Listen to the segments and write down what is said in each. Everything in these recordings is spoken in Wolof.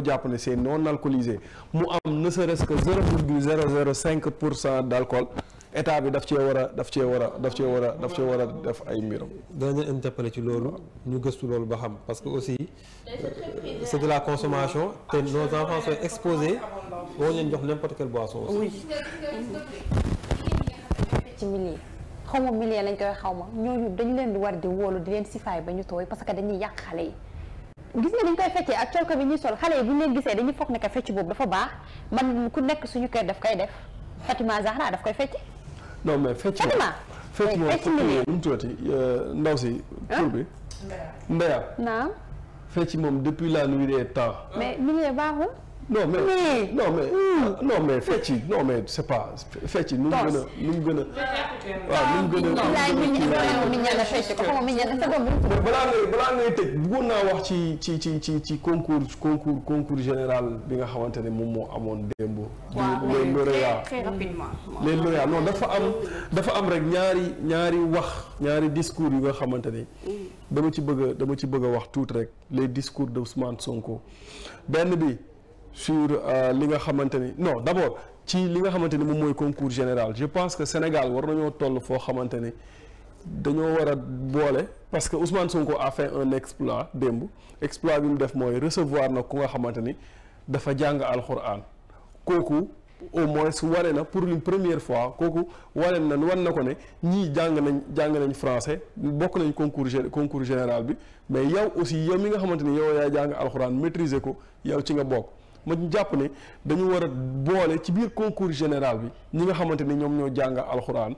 dañoo jàpp ne c'est non alcoolisé mu am ne serait-ce que zéro virgule zéro zéro cinq pour cent d'alcool état bi daf cee war a daf cee war a daf cee war a daf cee war a def ay mbiram. danañ interpeller ci loolu ñu gëstu loolu ba xam parce que aussi c'est de la consommation te nos enfants sont exposés boo leen jox n'importe quelle boisson aussi. ci milliers xaw ma milliers lañ koy xaw ma ñooñu dañu leen di war di wóolu di leen sifaay ba ñu tooy parce que dañuy yàq xale yi. gis nga dañ koy feccee ak colko bi ñuy sol xale yi bu ñu leen gisee dañuy foog ne que fecc boobu dafa baax man ku nekk suñu kër daf koy def Fatima Zahra daf koy fecce. non mais fecc Fatima. fecc moom fecc moom nu mu tuddati ndaw si. tur bi Ndeya. naam. fecc moom depuis la nuit des temps. mais mi ngi baaxul. non mais mais non mais mmh. non fecc yi non mais c'est fecc nu mu gën a nu mu gën waaw nu mu balaa ngay balaa ngay tëj bëggoon naa wax ci ci ci ci ci concours concours concours général bi nga xamante ne moom moo amoon démb. waaw les lauréats très rapidement. dafa am dafa am rek ñaari ñaari wax ñaari discours yu nga xamante ne. Mm. dama ci bëgg dama ci bëgg a wax tuuti rek les discours de Ousmane Sonko benn bi. sur euh, li nga non d'abord ci li nga xamante ni moom concours général je pense que Sénégal war nañoo toll foo xamante ni dañoo war parce que Ousmane Sonko a fait un exploit dembou. exploit bi mu def recevoir na ku nga xamante ni dafa jàng alxuraan au moins waré na pour une première fois Koku wane na wan na ko ne ñi jang nañ jang nañ français bokk nañ concours concours général bi mais yow aussi yow mi nga xamanteni yow ya jang alcorane maîtriser ko yow ci nga bokk. ma jàpp ne dañu war a boole ci biir concours général bi ñi nga xamante ni ñoom ñoo jàng alxuraan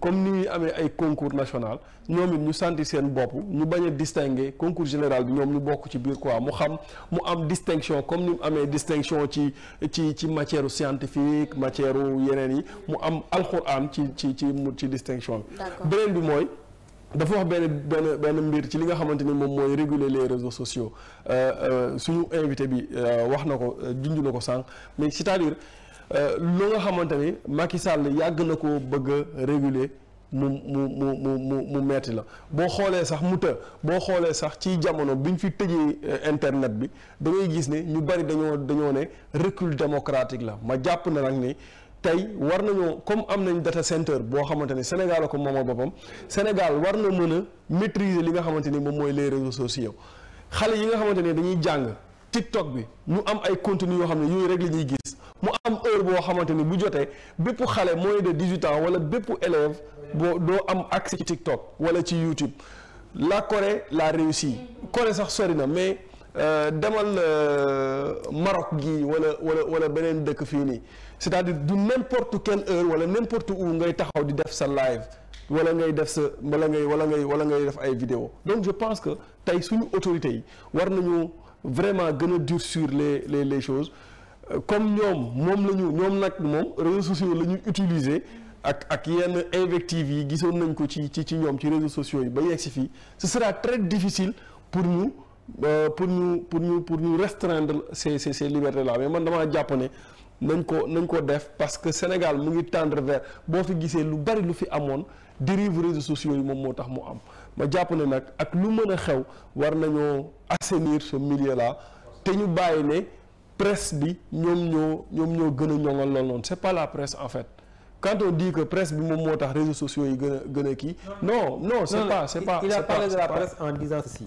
comme ni ñuy amee ay concours national ñoom it ñu santi seen bopp ñu bañ a distinguer concours général bi ñoom ñu bokk ci biir quoi mu xam mu am distinction comme ni amee distinction ci ci ci matière scientifique matière yeneen yi mu am alxuraan ci ci ci ci distinction bi beneen bi mooy dafa wax benn benn benn mbir ci li nga xamante ni moom mooy réguler les réseaux sociaux euh, euh, suñu invité bi euh, wax na ko junj na ko sànq mais c'est-à-dire lu nga xamante ni Macky Sall yàgg na ko bëgg réguler mu mu mu mu mu metti la boo xoolee sax mu të boo xoolee sax ci jamono bi ñu fi tëjee internet bi da ngay gis ni ñu bari dañoo dañoo ne recul démocratique la ma jàpp na nag ni. tey war nañoo comme am nañ data center boo xamante ni Sénégal ko moomoo boppam Sénégal war na mën a maîtriser li nga xamante ni moom mooy les réseaux sociaux xale yi nga xamante ni dañuy jàng TikTok bi ñu am ay contenu yoo xam ne yooyu rek la ñuy gis mu am heure boo xamante ni bu jotee bépp xale mooy de dix-huit wala bépp élève boo doo am accès ci TikTok wala ci YouTube la Corée la réussi Corée sax sori na mais Euh, demal euh, Maroc gi wala wala wala benen dekk fii nii c'est-à-dire du n'importe quelle heure wala n'importe où ngay taxaw di def sa live wala ngay def sa wala ngay wala ngay wala ngay def ay vidéo donc je pense que tay suñu autorité yi war nañu vraiment gëna dur sur les les les choses euh, comme ñom mom lañu ñom nak mom moom réseaux sociaux la utiliser ak ak yenn invective yi gisoon nañ ko ci ci ñom ci réseaux sociaux yi ba yegg fi ce sera très difficile pour nous euh, pour nous, pour nous, pour nous, restreindre ces ces ces libertés là mais man damaa jàpp ne nañ ko nañ ko def parce que Sénégal nous ngi tendre vers boo Le gisee lu bari lu fi amoon dérive réseaux sociaux il m'a monté tax am ma jàpp ne nag ak lu mën xew war assainir ce milieu là te ñu bàyyi presse bi nyom ñoo ñoom ñoo gën a c'est pas la presse en fait quand on dit que presse bi moom réseaux sociaux yi gën a gën non non c'est pas c'est pas il a parlé de la presse en disant ceci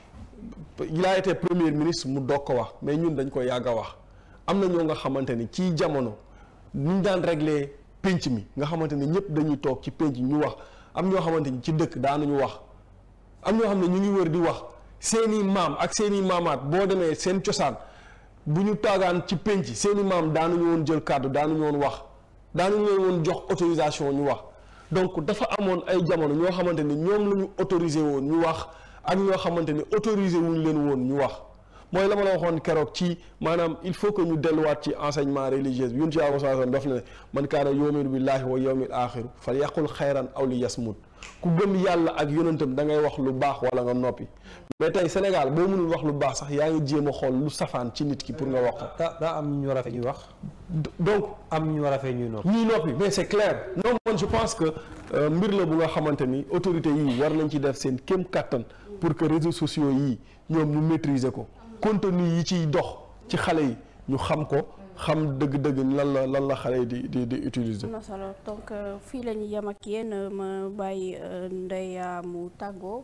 il a premier ministre mu dog ko wax mais ñun dañ ko yàgg a wax am na ñoo nga xamante ni ci jamono ñu daan régler pénc mi nga xamante ne ñëpp dañuy toog ci pénc ñu wax am ñoo xamante ni ci dëkk daanuñu wax am ñoo xam ne ñu ngi wër di wax seeni maam ak seeni maamaat boo demee seen cosaan bu ñu taagaan ci pénc seeni maam daanuñu woon jël kàddu daanuñu woon wax daanuñu leen woon jox autorisation ñu wax donc dafa amoon ay jamono ñoo xamante ni ñoom la ñu autorisé woon ñu wax ak ñoo xamante ni autorisé wuñ leen woon ñu wax moy lama la waxoon kérok ci manam il faut que ñu wat ci enseignement religieux bi yun ci yàlla saa daf na man kaana yawmin billahi wa yawmil akhir fal yaqul xayran aw li yasmut ku gëm yàlla ak yonentam da ngay wax lu bax wala nga nopi mais tay Sénégal bo mënul wax lu bax sax yaa ngi jema xol lu safan ci nit ki pour nga wax da am ñu rafet ñu wax donc am ñu rafet ñu nopi ñi nopi mais c'est clair non man je pense que mbir la bu nga xamanteni autorité yi war nañ ci def sen kem katan pour que réseaux sociaux yi ñom ñu maîtriser ko contenu yi ci dox ci xalé yi ñu xam ko xam deug deug lan la lan la xalé di di di utiliser. am solo donc euh, fi lañu ñu yem ak yéen ma bàyyi euh, Ndeya mu tàggoo.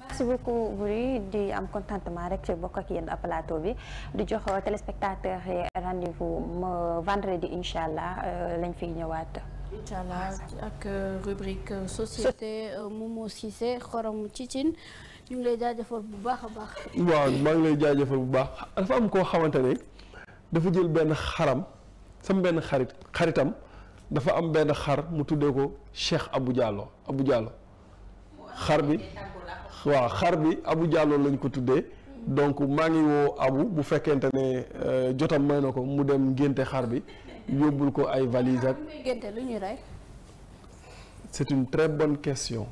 merci beaucoup Boury di am contentement rek ci bokk ak yéen plateau bi di jox téléspectateurs rendez-vous euh, vendredi incha lañ fi ñëwaat. incha allah ak euh, rubrique euh, société euh, Momo Cissé xorom ci cin ñu ngi lay jaajëfal bu baax a baax. waaw maa ngi lay jaajëfal bu baax dafa am koo xamante ne dafa jël benn xaram sama benn xarit xaritam dafa am benn xar mu tuddee ko Cheikh abu jàlloo abu Diallo. xar bi waaw xar bi abu jàlloo lañ ko tuddee. Mm. donc maa ngi woo Abou bu fekkente ne jotam may na ko mu dem ngénte xar bi. yobul ko ay valise ak. c'est une très bonne question.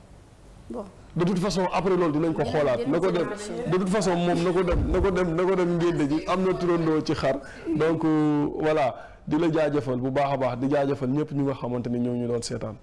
bon de toute façon après loolu dinañ ko xolaat nako dem de toute façon mom nako dem nako dem nako dem ngénte ji am na ci xar donc euh, voilà dila jaajeufal bu baakha baax di jaajeufal ñepp ñu nga xamanteni ñoo ñu doon seetaan.